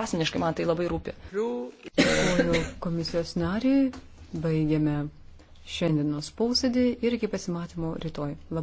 Asmeniškai man tai labai rūpi. Dėkuoju komisijos nariai, baigiame šiandienos posėdį ir iki pasimatymo rytoj. Labai